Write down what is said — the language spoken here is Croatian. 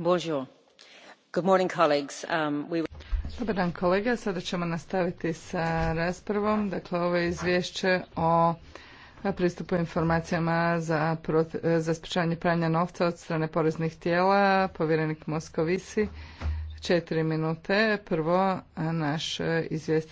Um, Dobar dan kolege, sada ćemo nastaviti sa raspravom. Dakle, ovo je izvješće o pristupu informacijama za, za sprečavanje pranja novca od strane poreznih tijela, povjerenik Moskovisi. Četiri minute. Prvo, naš izvjestitelj.